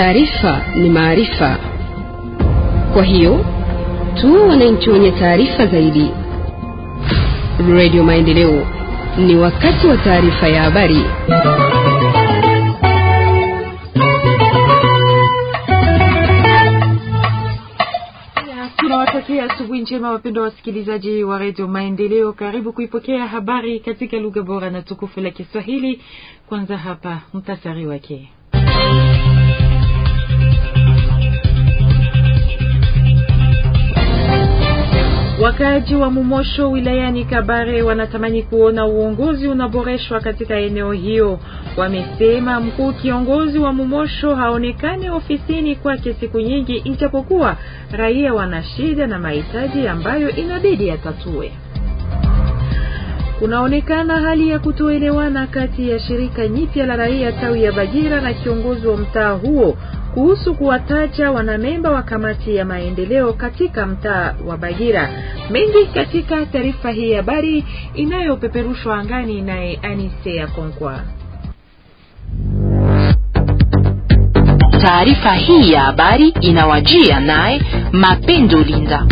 taarifa ni maarifa. Kwa hiyo tu wananchi wenye taarifa zaidi. Radio Maendeleo, ni wakati wa taarifa ya habari. Tunawatakia asubuhi njema wapendwa wasikilizaji wa redio Maendeleo. Karibu kuipokea habari katika lugha bora na tukufu la Kiswahili. Kwanza hapa mtasari wake Wakaaji wa Mumosho wilayani Kabare wanatamani kuona uongozi unaboreshwa katika eneo hiyo. Wamesema mkuu kiongozi wa Mumosho haonekane ofisini kwake siku nyingi, ijapokuwa raia wana shida na mahitaji ambayo inabidi yatatue. Kunaonekana hali ya kutoelewana kati ya shirika nyipya la raia tawi ya bagira na kiongozi wa mtaa huo kuhusu kuwataja wanamemba wa kamati ya maendeleo katika mtaa wa Bagira. Mengi katika taarifa hii habari inayopeperushwa angani naye ya Konkwa. Taarifa hii ya habari inawajia naye Mapendo Linda.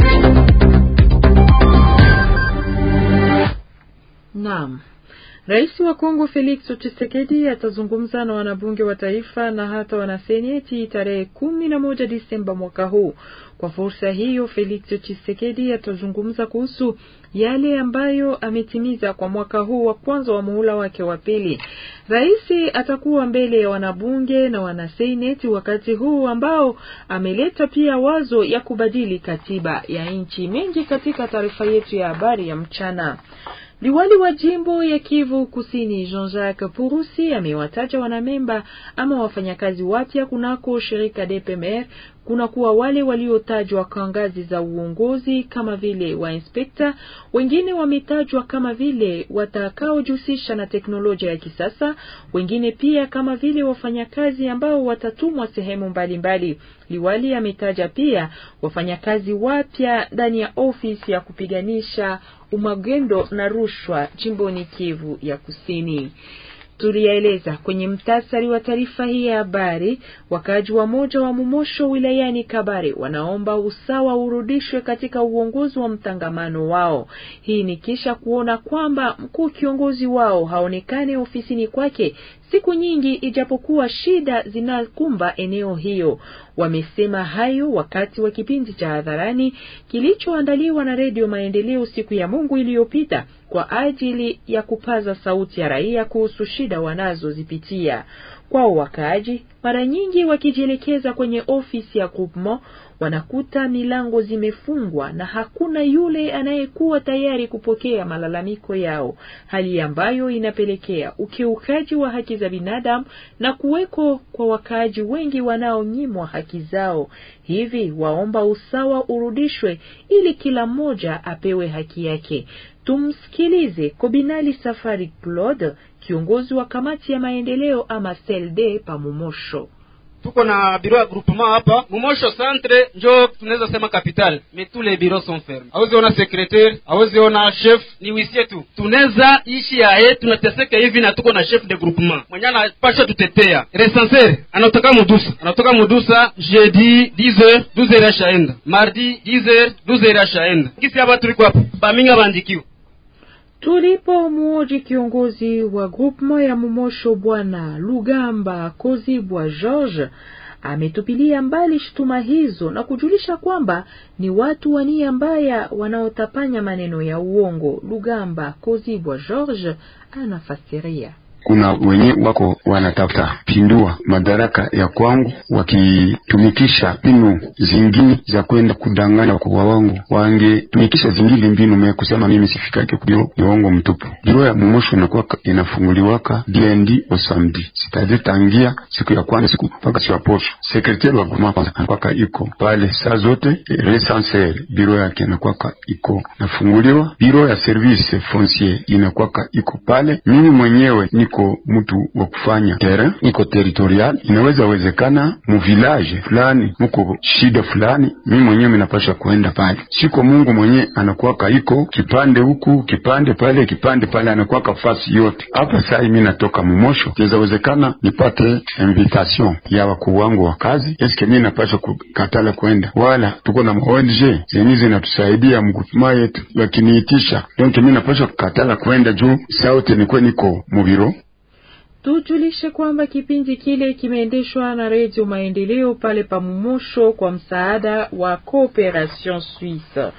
Naam. Rais wa Kongo Felix Tshisekedi atazungumza na wanabunge wa taifa na hata wanaseneti tarehe kumi na moja Disemba mwaka huu. Kwa fursa hiyo, Felix Tshisekedi atazungumza kuhusu yale ambayo ametimiza kwa mwaka huu wa kwanza wa muhula wake wa pili. Rais atakuwa mbele ya wanabunge na wanaseneti wakati huu ambao ameleta pia wazo ya kubadili katiba ya nchi. Mengi katika taarifa yetu ya habari ya mchana. Liwali wa jimbo ya Kivu Kusini Jean-Jacques Purusi amewataja wanamemba ama wafanyakazi wapya kunako shirika DPMR kuna kuwa wale waliotajwa kwa ngazi za uongozi kama vile wainspekta, wengine wametajwa kama vile watakaojihusisha na teknolojia ya kisasa, wengine pia kama vile wafanyakazi ambao watatumwa sehemu mbalimbali mbali. Liwali ametaja pia wafanyakazi wapya ndani ya ofisi ya kupiganisha umagendo na rushwa jimboni Kivu ya Kusini. Tuliyaeleza kwenye mtasari wa taarifa hii ya habari. Wakaaji wa moja wa Mumosho wilayani Kabare wanaomba usawa urudishwe katika uongozi wa mtangamano wao. Hii ni kisha kuona kwamba mkuu kiongozi wao haonekane ofisini kwake siku nyingi, ijapokuwa shida zinakumba eneo hiyo. Wamesema hayo wakati wa kipindi cha hadharani kilichoandaliwa na Redio Maendeleo siku ya Mungu iliyopita kwa ajili ya kupaza sauti ya raia kuhusu shida wanazozipitia. Kwao wakaaji, mara nyingi wakijielekeza kwenye ofisi ya KUPMO wanakuta milango zimefungwa na hakuna yule anayekuwa tayari kupokea malalamiko yao, hali ambayo inapelekea ukiukaji wa haki za binadamu na kuweko kwa wakaaji wengi wanaonyimwa haki zao. Hivi waomba usawa urudishwe ili kila mmoja apewe haki yake. Tumsikilize Kobinali Safari Claude, kiongozi wa kamati ya maendeleo ama CLD Pamomosho. tuko na biro ya groupement hapa Mumosho centre, njo tunaweza sema capital Mais tous les bureaux sont fermes. Hawezi ona secretaire, hawezi ona chef, ni wisie tu. Tunaweza ishi yaye, tunateseka hivi na tuko na chef de groupement mwenye anapasha tutetea. Recenser anatoka Mudusa, anatoka Mudusa jeudi 10h 12h ashaenda, mardi 10h 12h ashaenda. Kisi hapa tuliko hapa baminga bandikiwa Tulipomuoji kiongozi wa grupema ya Mumosho Bwana Lugamba Kozibwa George ametupilia mbali shutuma hizo na kujulisha kwamba ni watu wa nia mbaya wanaotapanya maneno ya uongo. Lugamba Kozibwa George anafasiria kuna wenye wako wanatafuta pindua madaraka ya kwangu, wakitumikisha mbinu zingine za kwenda kudanganya wakubwa wangu, wangetumikisha zingine mbinu mea kusema mimi sifikake ni yongo mtupu. Biro ya mumosho inakuwaka inafunguliwaka dnd osamdi sitade tangia siku ya kwanza siku mpaka siku ya posho. Sekretari wa guvema anakwaka iko pale saa zote, e, recenser biro yake inakwaka iko nafunguliwa. Biro ya service foncier inakwaka iko pale, mimi mwenyewe niko iko mtu wa kufanya tere iko territorial, inaweza wezekana village fulani muko shida fulani, mi mwenyewe minapasha kuenda pale, siko Mungu mwenye anakuwaka iko kipande huku kipande pale kipande pale, anakuwaka fasi yote hapa. Sai mi natoka Mumosho, inawezekana nipate invitation ya wakuu wangu wa kazi, eske mi napasha kukatala kwenda Wala tuko na ONG zenye zinatusaidia mgupuma yetu, wakiniitisha donc mi napasha kukatala kwenda juu sauti nikwe niko mubiro Tujulishe kwamba kipindi kile kimeendeshwa na Redio Maendeleo pale pa Mumosho kwa msaada wa Cooperation Suisse.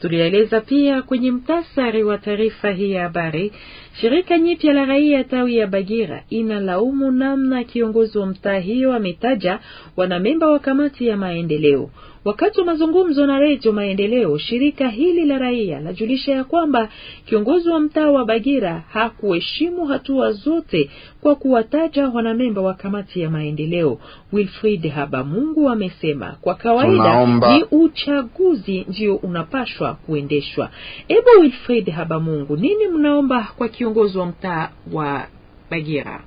Tulieleza pia kwenye mtasari wa taarifa hii ya habari, shirika nyipya la raia tawi ya Bagira inalaumu namna kiongozi wa mtaa hiyo ametaja wanamemba wa kamati ya maendeleo Wakati wa mazungumzo na Redio Maendeleo, shirika hili la raia lajulisha ya kwamba kiongozi wa mtaa wa Bagira hakuheshimu hatua zote kwa kuwataja wanamemba wa kamati ya maendeleo. wilfrid Habamungu amesema kwa kawaida Tunaomba. ni uchaguzi ndio unapashwa kuendeshwa. ebu Wilfried Habamungu, nini mnaomba kwa kiongozi wa mtaa wa Bagira?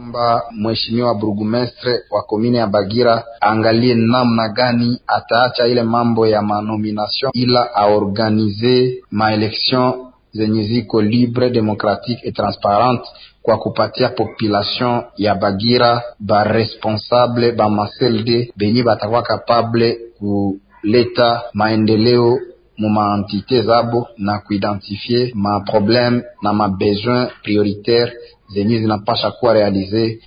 kwamba mheshimiwa burgumestre wa komine ya Bagira angalie namna gani ataacha ile mambo ya manomination, ila aorganize maelektion zenye ziko libre democratique et transparente kwa kupatia population ya Bagira baresponsable ba maselde benye batakuwa kapable kuleta maendeleo mumaentite zabo na kuidentifie maprobleme na mabesoin prioritaire zenye zinapasha kuwa realize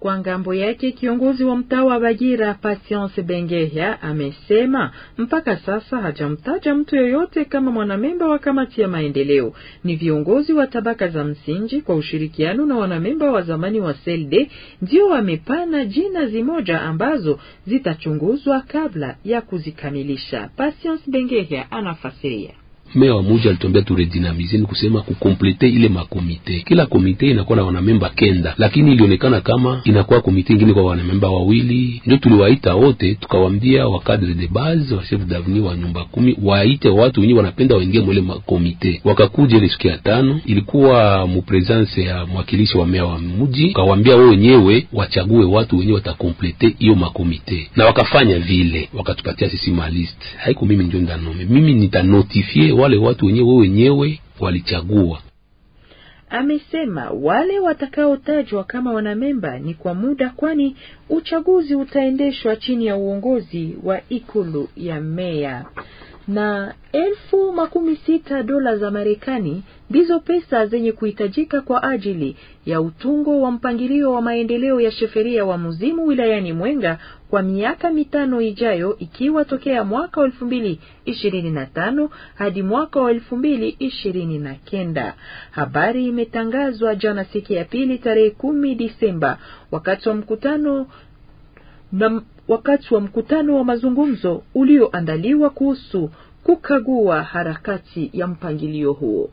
kwa ngambo yake kiongozi wa mtaa wa Bagira Patience Bengeya amesema mpaka sasa hajamtaja mtu yoyote kama mwanamemba wa kamati ya maendeleo. Ni viongozi wa tabaka za msingi kwa ushirikiano na wanamemba wa zamani wa Selde ndio wamepana jina zimoja ambazo zitachunguzwa kabla ya kuzikamilisha. Patience Bengeya anafasiria meya wa muji alituambia tu redinamize, ni kusema kukomplete ile makomite. Kila komite inakuwa na wanamemba kenda, lakini ilionekana kama inakuwa komite ingine kwa wanamemba wawili. Ndio tuliwaita wote, tukawaambia cadre de base wa chef davenir wa nyumba kumi waite watu wenyewe wanapenda waingie mwele makomite. Wakakuja ile siku ya tano, ilikuwa mupresence ya mwakilishi wa mea wa muji, kawaambia wao wenyewe wachague watu wenyewe watakomplete hiyo makomite, na wakafanya vile, wakatupatia sisi maliste. Haiku mimi ndio ndanome, mimi nitanotifie wale watu wenyewe wenyewe walichagua. Amesema wale watakaotajwa kama wanamemba ni kwa muda, kwani uchaguzi utaendeshwa chini ya uongozi wa ikulu ya meya na elfu makumi sita dola za Marekani ndizo pesa zenye kuhitajika kwa ajili ya utungo wa mpangilio wa maendeleo ya sheferia wa Muzimu wilayani Mwenga kwa miaka mitano ijayo, ikiwa tokea mwaka wa elfu mbili ishirini na tano hadi mwaka wa elfu mbili ishirini na kenda. Habari imetangazwa jana siku ya pili tarehe kumi Disemba wakati wa mkutano na wakati wa mkutano wa mazungumzo ulioandaliwa kuhusu kukagua harakati ya mpangilio huo.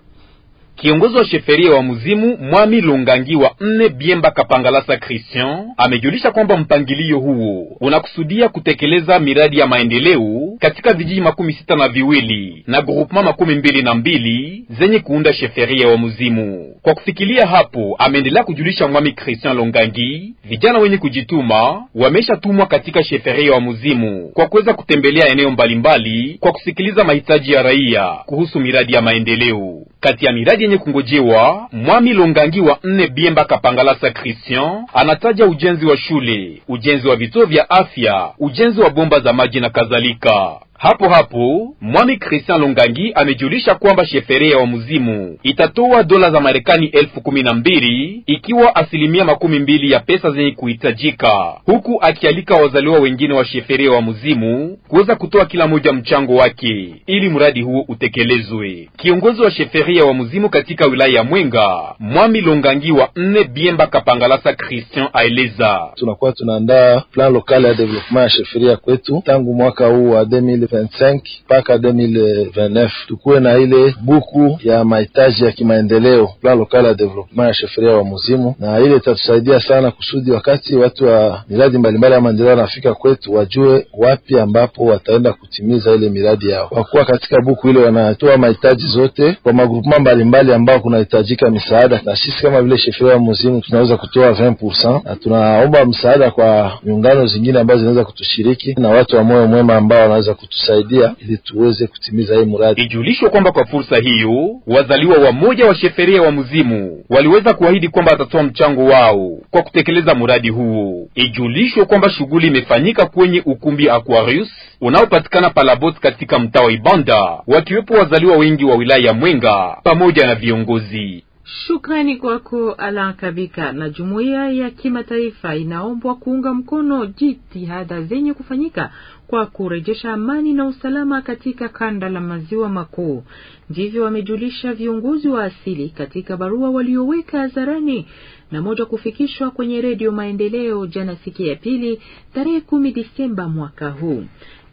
Kiongozi wa sheferia wa Muzimu Mwami Lungangi wa nne Biemba Kapangalasa Christian amejulisha kwamba mpangilio huo unakusudia kutekeleza miradi ya maendeleo katika vijiji makumi sita na viwili na grupema makumi mbili na mbili zenye kuunda sheferia wa Muzimu. Kwa kufikilia hapo, ameendelea kujulisha Mwami Christian Lungangi, vijana wenye kujituma wameshatumwa katika sheferia wa Muzimu kwa kuweza kutembelea eneo mbalimbali mbali, kwa kusikiliza mahitaji ya raia kuhusu miradi ya maendeleo. Kati ya miradi yenye kungojewa Mwami Longangi wa nne Biemba Kapangalasa Christian anataja ujenzi wa shule, ujenzi wa vituo vya afya, ujenzi wa bomba za maji na kadhalika. Hapo hapo Mwami Christian Longangi amejulisha kwamba sheferia wa wamuzimu itatoa dola za Marekani elfu kumi na mbili ikiwa asilimia makumi mbili ya pesa zenye kuhitajika, huku akialika wazaliwa wengine wa sheferia wa muzimu kuweza kutoa kila moja mchango wake ili mradi huo utekelezwe. Kiongozi wa sheferia wa mzimu katika wilaya ya Mwenga, Mwami Longangi wa nne Biemba Kapangalasa Christian aeleza, tunakuwa tunaandaa plan lokal ya development ya sheferia kwetu tangu mwaka huu wa 2025 mpaka 2029 tukuwe na ile buku ya mahitaji ya kimaendeleo plan local ya development ya shefuria wa muzimu, na ile itatusaidia sana kusudi wakati watu wa miradi mbalimbali ya maendeleo wanafika kwetu wajue wapi ambapo wataenda kutimiza ile miradi yao. Wakuwa katika buku ile wanatoa mahitaji zote kwa magrupema mbalimbali ambao kunahitajika misaada, na sisi kama vile shefuria wa muzimu tunaweza kutoa 20% na tunaomba msaada kwa miungano zingine ambazo zinaweza kutushiriki na watu wa moyo mwema ambao wanaweza kutu kutusaidia ili tuweze kutimiza hii mradi. Ijulishwe kwamba kwa fursa hiyo wazaliwa wa moja wa sheferia wa Mzimu waliweza kuahidi kwamba watatoa mchango wao kwa kutekeleza mradi huo. Ijulishwe kwamba shughuli imefanyika kwenye ukumbi Aquarius unaopatikana Palabot katika mtaa wa Ibanda, wakiwepo wazaliwa wengi wa wilaya ya Mwenga pamoja na viongozi. Shukrani kwako Alan Kabika. Na jumuiya ya kimataifa inaombwa kuunga mkono jitihada zenye kufanyika kwa kurejesha amani na usalama katika kanda la maziwa makuu. Ndivyo wamejulisha viongozi wa asili katika barua walioweka hadharani na moja kufikishwa kwenye Redio Maendeleo jana siku ya pili tarehe kumi Disemba mwaka huu.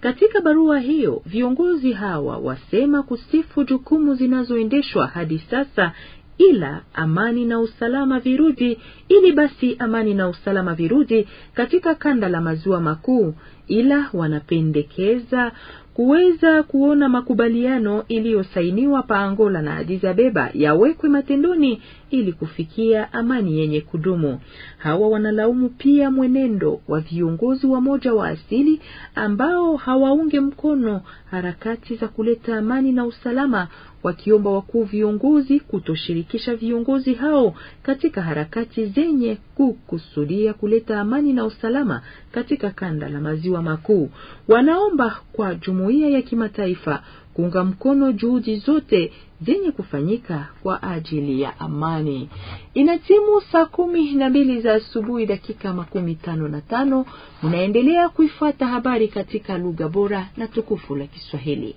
Katika barua hiyo viongozi hawa wasema kusifu jukumu zinazoendeshwa hadi sasa ila amani na usalama virudi, ili basi amani na usalama virudi katika kanda la maziwa makuu ila wanapendekeza kuweza kuona makubaliano iliyosainiwa pa Angola na Addis Abeba yawekwe matendoni ili kufikia amani yenye kudumu. Hawa wanalaumu pia mwenendo wa viongozi wa moja wa asili ambao hawaunge mkono harakati za kuleta amani na usalama wakiomba wakuu viongozi kutoshirikisha viongozi hao katika harakati zenye kukusudia kuleta amani na usalama katika kanda la maziwa makuu. Wanaomba kwa jumuiya ya kimataifa kuunga mkono juhudi zote zenye kufanyika kwa ajili ya amani. Inatimu saa kumi na mbili za asubuhi dakika makumi tano na tano. Mnaendelea kuifuata habari katika lugha bora na tukufu la Kiswahili.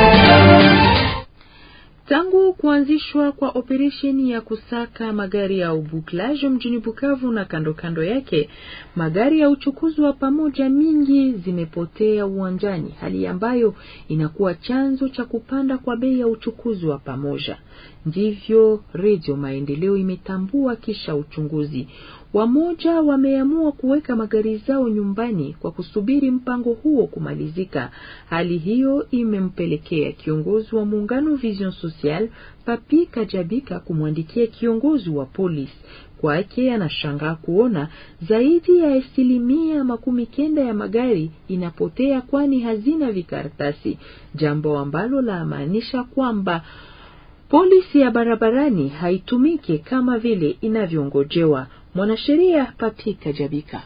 Tangu kuanzishwa kwa operesheni ya kusaka magari ya ubuklaje mjini Bukavu na kando kando yake, magari ya uchukuzi wa pamoja mingi zimepotea uwanjani, hali ambayo inakuwa chanzo cha kupanda kwa bei ya uchukuzi wa pamoja. Ndivyo Redio Maendeleo imetambua kisha uchunguzi. Wamoja wameamua kuweka magari zao nyumbani kwa kusubiri mpango huo kumalizika. Hali hiyo imempelekea kiongozi wa muungano Vision Social Papi Kajabika kumwandikia kiongozi wa polisi. Kwake anashangaa kuona zaidi ya asilimia makumi kenda ya magari inapotea kwani hazina vikaratasi, jambo ambalo lamaanisha kwamba polisi ya barabarani haitumiki kama vile inavyongojewa mwanasheria Patika Jabika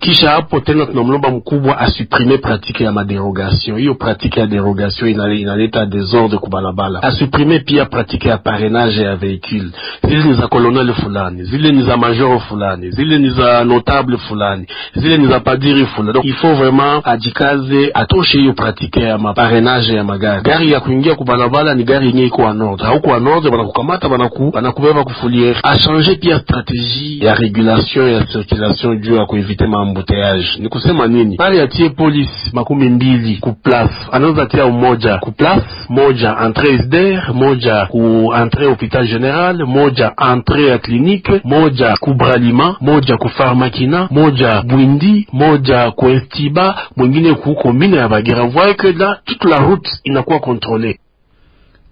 qui Kisha hapo tena tunamlomba mkubwa asuprime pratike ya maderogation. Hiyo pratike ya derogation inaleta desordre kubalabala. Asuprime pia pratike ya parenage ya veicule. Zile ni za colonel fulani, zile ni za major fulani, zile ni za notable fulani, zile ni za padiri fulani. Donc il faut vraiment à ajikaze, atoshe hiyo pratike ya maparenage ya magari. Gari ya kuingia kubalabala ni gari yenye iko en ordre, hauko en ordre banakukamata, banaku banakubeba kufuliere. Achange pia strategie ya regulation ya circulation juu ya kuevite mama mbuteyaji. Ni kusema nini? Pale atie polisi makumi mbili ku place, anaweza tia umoja ku place moja entre isder moja ku entre hopital general moja entre ya clinique moja ku bralima moja ku farmakina moja bwindi moja ku estiba mwingine ku komine ya bagira Vous la toute la route inakuwa controle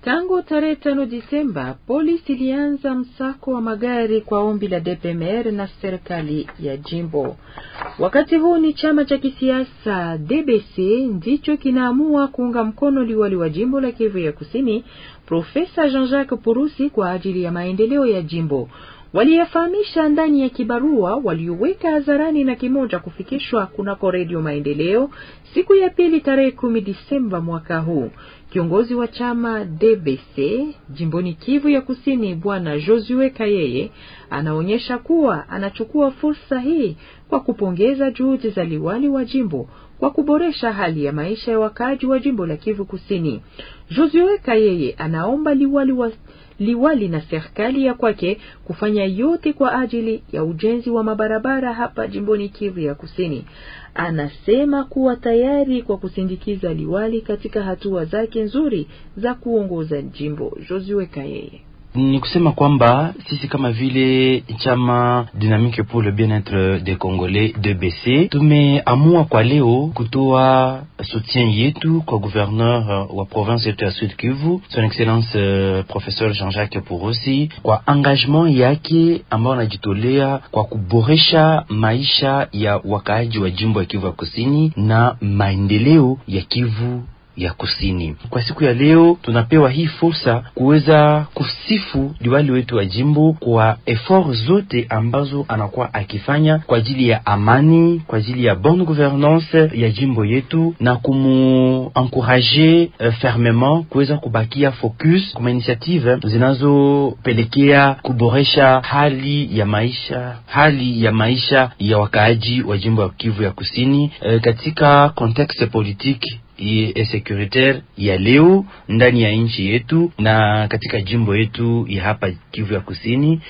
Tangu tarehe tano Disemba, polisi ilianza msako wa magari kwa ombi la DPMR na serikali ya jimbo. Wakati huu ni chama cha kisiasa DBC ndicho kinaamua kuunga mkono liwali wa jimbo la Kivu ya Kusini, Profesa Jean-Jacques Purusi kwa ajili ya maendeleo ya jimbo. Waliyafahamisha ndani ya kibarua walioweka hadharani na kimoja kufikishwa kunako Redio Maendeleo siku ya pili tarehe kumi Disemba mwaka huu. Kiongozi wa chama DBC jimboni Kivu ya Kusini, Bwana Josue Kayeye anaonyesha kuwa anachukua fursa hii kwa kupongeza juhudi za liwali wa jimbo kwa kuboresha hali ya maisha ya wakaaji wa jimbo la Kivu Kusini. Josue Kayeye anaomba liwali wa liwali na serikali ya kwake kufanya yote kwa ajili ya ujenzi wa mabarabara hapa jimboni Kivu ya Kusini. Anasema kuwa tayari kwa kusindikiza liwali katika hatua zake nzuri za kuongoza jimbo. Josue Kayeye ni kusema kwamba sisi kama vile chama Dynamique pour le bien être des Congolais DBC tumeamua kwa leo kutoa soutien yetu kwa gouverneur wa province yetu ya Sud Kivu, son excellence uh, professeur Jean-Jacques Purosi kwa engagement yake ambao anajitolea kwa kuboresha maisha ya wakaaji wa jimbo ya Kivu ya Kusini na maendeleo ya Kivu ya kusini. Kwa siku ya leo, tunapewa hii fursa kuweza kusifu liwali wetu wa jimbo kwa effort zote ambazo anakuwa akifanya kwa ajili ya amani, kwa ajili ya bonne gouvernance ya jimbo yetu na kumuankuraje uh, fermement kuweza kubakia focus kwa initiative zinazopelekea kuboresha hali ya maisha, hali ya maisha ya wakaaji wa jimbo ya Kivu ya Kusini uh, katika context politique ya securitaire ya leo ndani ya nchi yetu na katika jimbo yetu ya hapa Kivu ya Kusini.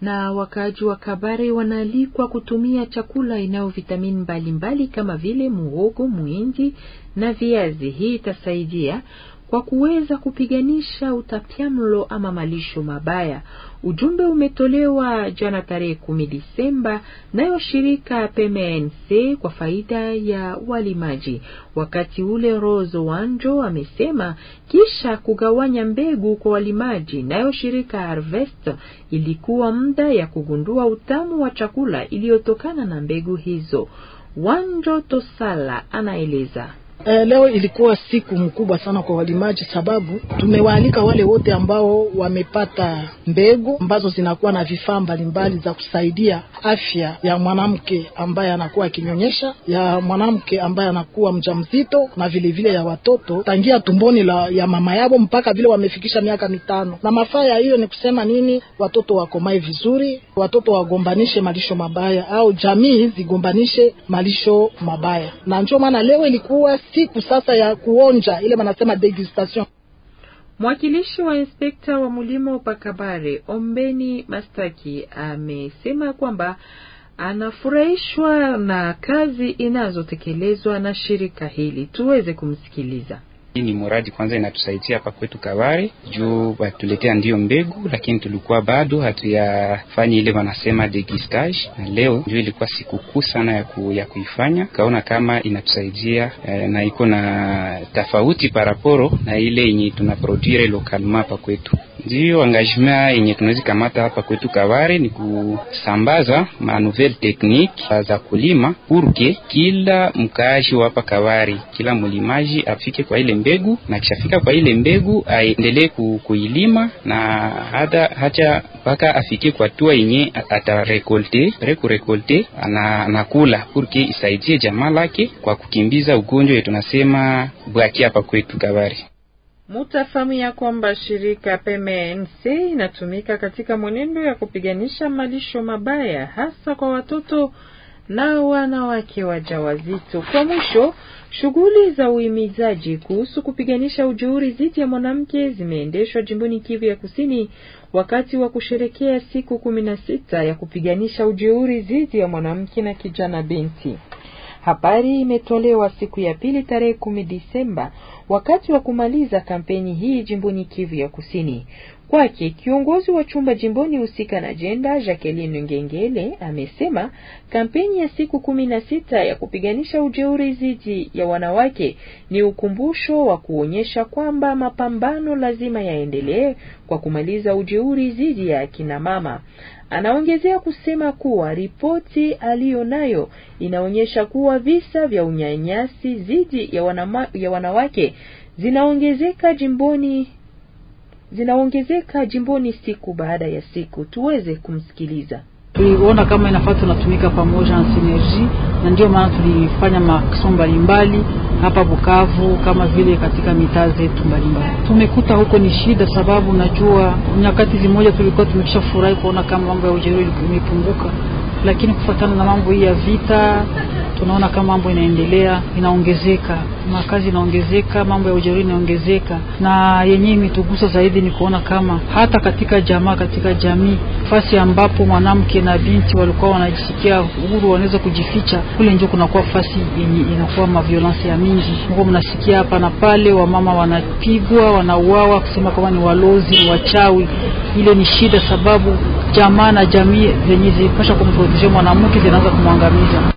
Na wakaaji wa Kabare wanaalikwa kutumia chakula inayo vitamini mbalimbali kama vile muhogo, muindi na viazi. Hii itasaidia kwa kuweza kupiganisha utapiamlo ama malisho mabaya. Ujumbe umetolewa jana tarehe kumi Disemba nayo shirika PMNC kwa faida ya walimaji. Wakati ule Rose Wanjo amesema kisha kugawanya mbegu kwa walimaji, nayo shirika Harvest ilikuwa muda ya kugundua utamu wa chakula iliyotokana na mbegu hizo. Wanjo Tosala anaeleza. Eh, leo ilikuwa siku mkubwa sana kwa walimaji, sababu tumewaalika wale wote ambao wamepata mbegu ambazo zinakuwa na vifaa mbalimbali za kusaidia afya ya mwanamke ambaye anakuwa akinyonyesha, ya mwanamke ambaye anakuwa mjamzito na vilevile vile ya watoto tangia tumboni la ya mama yao mpaka vile wamefikisha miaka mitano. Na mafaa ya hiyo ni kusema nini? Watoto wakomae vizuri, watoto wagombanishe malisho mabaya, au jamii zigombanishe malisho mabaya, na ndio maana leo ilikuwa siku sasa ya kuonja ile wanasema degustation. Mwakilishi wa inspekta wa mlimo Pakabare Ombeni Mastaki amesema kwamba anafurahishwa na kazi inazotekelezwa na shirika hili. Tuweze kumsikiliza. Hii ni muradi kwanza inatusaidia hapa kwetu Kabare juu batuletea ndio mbegu, lakini tulikuwa bado hatuyafanyi ile wanasema degistage, na leo ndio ilikuwa sikukuu sana ya, ku, ya kuifanya. Kaona kama inatusaidia eh, na iko na tofauti paraporo na ile yenye tunaproduire lokalma hapa kwetu. Ndiyo angajima yenye tunawezi kamata hapa kwetu Kabare ni kusambaza manouvelle technique za kulima, purke kila mkaaji wa hapa Kabare, kila mulimaji afike kwa ile mbegu, na kishafika kwa ile mbegu aendelee kuilima na hata hacha mpaka afike kwa tua yenye atarekolte prekurekolte ana, anakula purke isaidie jamaa lake kwa kukimbiza ugonjwa tunasema bwaki hapa kwetu Kabare. Mutafamu ya kwamba shirika PMNC inatumika katika mwenendo ya kupiganisha malisho mabaya hasa kwa watoto na wanawake wajawazito. Kwa mwisho, shughuli za uhimizaji kuhusu kupiganisha ujeuri dhidi ya mwanamke zimeendeshwa jimboni Kivu ya Kusini wakati wa kusherekea siku kumi na sita ya kupiganisha ujeuri dhidi ya mwanamke na kijana binti. Habari imetolewa siku ya pili tarehe kumi Disemba wakati wa kumaliza kampeni hii jimboni Kivu ya Kusini. Kwake kiongozi wa chumba jimboni husika na jenda Jacqueline Ngengele amesema kampeni ya siku kumi na sita ya kupiganisha ujeuri dhidi ya wanawake ni ukumbusho wa kuonyesha kwamba mapambano lazima yaendelee kwa kumaliza ujeuri dhidi ya akina mama. Anaongezea kusema kuwa ripoti aliyo nayo inaonyesha kuwa visa vya unyanyasi dhidi ya, ya wanawake zinaongezeka jimboni zinaongezeka jimboni siku baada ya siku. Tuweze kumsikiliza. Tuliona kama inafaa tunatumika pamoja na sinerji, na ndio maana tulifanya maaksio mbalimbali hapa Bukavu kama vile katika mitaa zetu mbalimbali. Tumekuta huko ni shida, sababu najua nyakati zimoja tulikuwa tumekisha furahi kuona kama mambo ya ujeruhi imepunguka, lakini kufuatana na mambo hii ya vita tunaona kama mambo inaendelea inaongezeka makazi inaongezeka, mambo ya ujeuri inaongezeka, na yenye imetugusa zaidi ni kuona kama hata katika jamaa, katika jamii, fasi ambapo mwanamke na binti walikuwa wanajisikia huru, wanaweza kujificha, kule ndio kunakuwa fasi yenye inakuwa maviolensi ya mingi. Mko mnasikia hapa na pale, wamama wanapigwa, wanauawa, kusema kama ni walozi, wachawi. Ile ni shida, sababu jamaa na jamii zenye zipasha kumproteje mwanamke zinaanza kumwangamiza.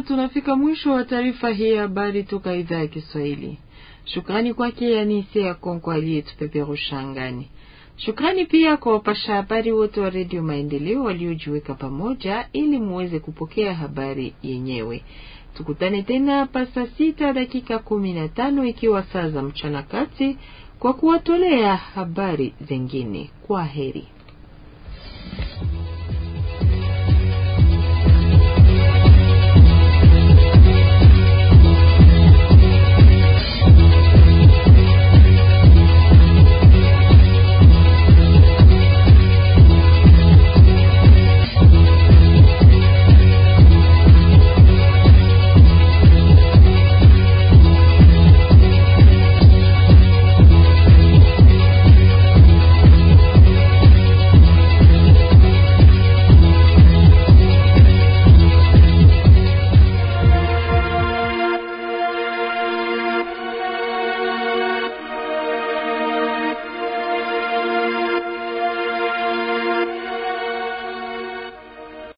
tunafika mwisho wa taarifa hii ya habari toka idhaa ya Kiswahili. Shukrani kwake Yanise ya Konko aliyetupeperusha angani. Shukrani pia kwa wapasha habari wote wa Redio Maendeleo waliojiweka pamoja ili muweze kupokea habari yenyewe. Tukutane tena pasa sita dakika kumi na tano ikiwa saa za mchana kati kwa kuwatolea habari zengine. Kwa heri.